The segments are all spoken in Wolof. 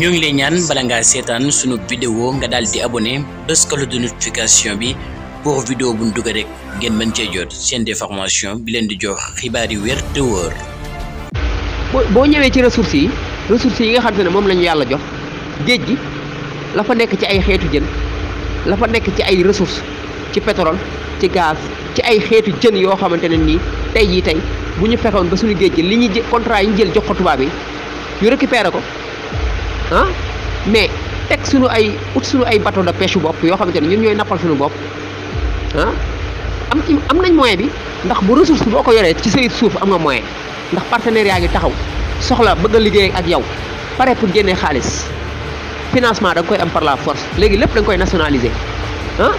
ñoo ngi lay ñaan bala ngaa seetaan sunu vidéo nga daal di abone bës cloche de notification bi pour vidéo bu ñu dugal rek mën cee jot seen information bi leen di jox xibaar yi wér te wóor. boo ñëwee ci ressources yi ressources yi nga xam te ne moom lañu yàlla jox géej gi lafa nekk ci ay xeetu jën lafa nekk ci ay ressources ci pétrole ci gaz ci ay xeetu jën yoo xamante ne nii tey jii tey bu ñu fexoon ba suñu géej gi li ñuy jë contrat yi ñu jël jox ko tubaab yi ko. ah mais teg suñu ay ut suñu ay bato de pêche bopp yoo xamante ne ñun ñooy nappal suñu bopp ah am am nañ moyen bi ndax bu ressource boo ko yoree ci say suuf am nga moyen ndax partenaires yaa ngi taxaw soxla bëgg a liggéey ak yow pare pour génnee xaalis financement da nga koy am par la force léegi lépp da nga koy nationaliser ah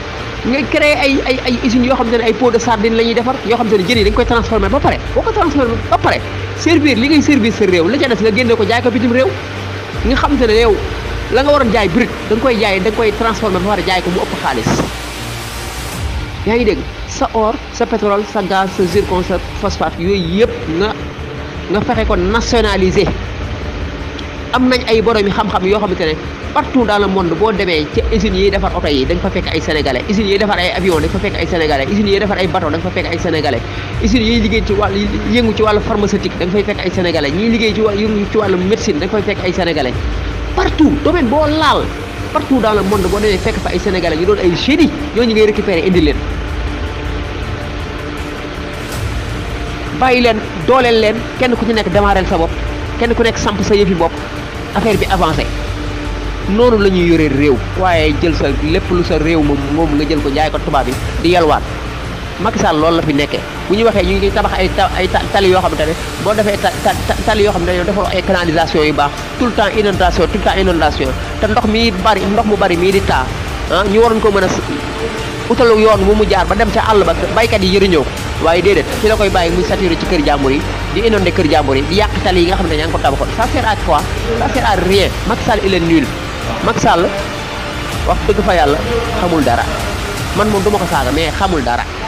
nga créer ay ay ay yoo xam te ne ay pots de sardine la ñuy defar yoo xam te ne jën yi dañ koy transformer ba pare boo ko transformer ba pare servir li ngay servir sa réew ko jaay ko bitim réew nga xam te ne yow la nga waroon jaay brut da nga koy jaay da nga koy transformé ba war a jaay ko mu ëpp xaalis yaa ngi dégg sa or sa pétrole sa gaz sa zircon sa phosphate yooyu yëpp nga nga fexe ko nationaliser. am nañ ay borom yi xam-xam yoo xamante ne partout dans le monde boo demee ca usines yiy defar oto yi dañ fa fekk ay sénégalais usines yiy defar ay avion dañ fa fekk ay sénégalais usines ay bateau dañ fa fekk ay sénégalais usines yiy liggéey ci wàllu yëngu ci wàllu pharmaceutique dañ fay fekk ay sénégalais ñiy liggéey ci wàllu yëngu ci wàllu médecine dañ fay fekk ay sénégalais partout domaine boo laal partout dans le monde boo demee fekk fa ay sénégalais ñu doon ay génie ñooñu leen bàyyi leen kenn ku ci nekk démarrer sa bopp kenn ku nekk samp sa yëfi bopp affaire bi avancer nonu lañu yoré rew réew jël sa lepp lu sa rew mom mom nga jël ko jaay ko tuba bi di yalwaat Macky Sall lool la fi nekké bu ñu waxé ñu ngi tabax ay ay tali yo xamante tane bo défé tali yo xam dañu yow ay canalisation yu baax tout temps inondation tout temps inondation té ndox mi bari ndox mu bari mi di ta ah, ñu waron ko mëna a yoon mu mu jaar ba dem ci àll ba baykat yi yëriñoo ko waaye déedéet ci la koy bàyyi muy saturé ci kër jàmbur yi di inondé kër jàmbur yi di yàq yi nga xam ne ñaa ngi ko tabaxoon ça sert à quoi ça sert à rien Macky Sall il est nul Macky Sall wax dëgg fa yàlla xamul dara man moom duma ko saaga mais xamul dara